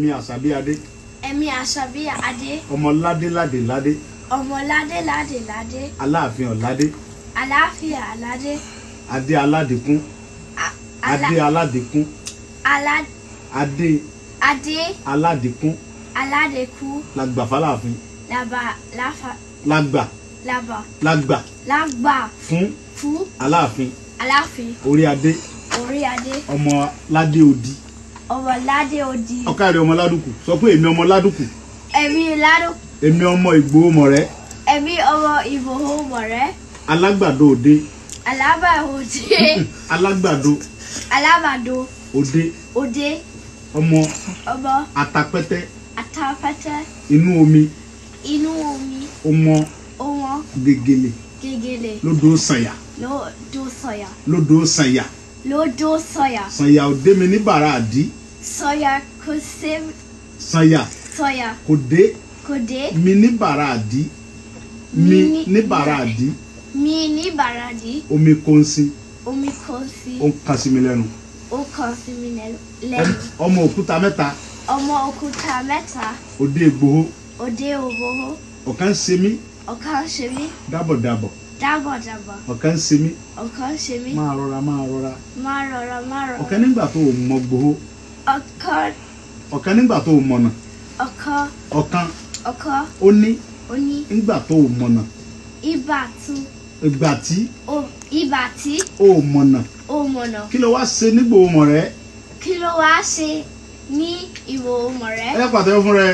mi àṣàbí adé. ẹ̀mí àṣàbí adé. ọmọ ládé ládé ládé. ọmọ ládé ládé ládé. aláàfin ọ̀ládé. aláàfin àládé. adé aládìkún. adé aládìkún. aládé. adé. adé. aládìkún. aládìkún. làgbà fàlàfin. làbà láfà. làgbà. làbà. làgbà. làgbà. fún. fún. aláàfin. aláàfin. orí adé. orí adé. ọmọ ládé odi ọmọládé odi. ọ̀kàrẹ̀ ọmọ ládùkù sọ pé èmi ọmọ ládùkù. èmi ládùkù. èmi ọmọ ìgbòho mọ̀rẹ́. èmi ọmọ ìgbòho mọ̀rẹ́. alágbàdo òde. alágbàdo òde. alágbàdo. alágbàdo. òde. òde. ọmọ. ọmọ. atapẹ́tẹ́. atapẹ́tẹ́. inú omi. inú omi. ọmọ. ọmọ. gègèlè. gègèlè. lódò sànyà. lódò sànyà. lódò sànyà. Lójó Sawyer. Sawyer Òdemi ní Bàràdí. Sawyer Kose. Sawyer. Sawyer. Kòdé. Kòdé. Mi ní Bàràdí. Mi ní Bàràdí. Mi ní Bàràdí. Omi kònsí. Omi kònsí. Ó ń kan sí mi lẹ́nu. Ó kan sí mi lẹ́nu. Ọmọ òkúta mẹ́ta. Ọmọ òkúta mẹ́ta. Òde Ìgbòho. Òde Ìgbòho. Ọ̀kan ṣe mí. Ọ̀kan ṣe mí. Dábọ̀dábọ̀ dábọ̀ dábọ̀ ọ̀kẹ́ ń ṣe mí ọ̀kẹ́ ń ṣe mí máa rọra máa rọra máa rọra máa rọra ọ̀kẹ́ nígbà tó o mọ gbòó ọ̀kọ́ ọ̀kẹ́ nígbà tó o mọ̀nà ọ̀kọ́ ọ̀kan ọ̀kọ́ ó ní ó ní nígbà tó o mọ̀nà ìgbà tó ìgbà tí o ìgbà tí o mọ̀nà o mọ̀nà kí ló wá ṣe nígbà o rẹ kí ló wá ṣe ní ìwò o rẹ ẹ pàtẹ́wọ́ fún rẹ.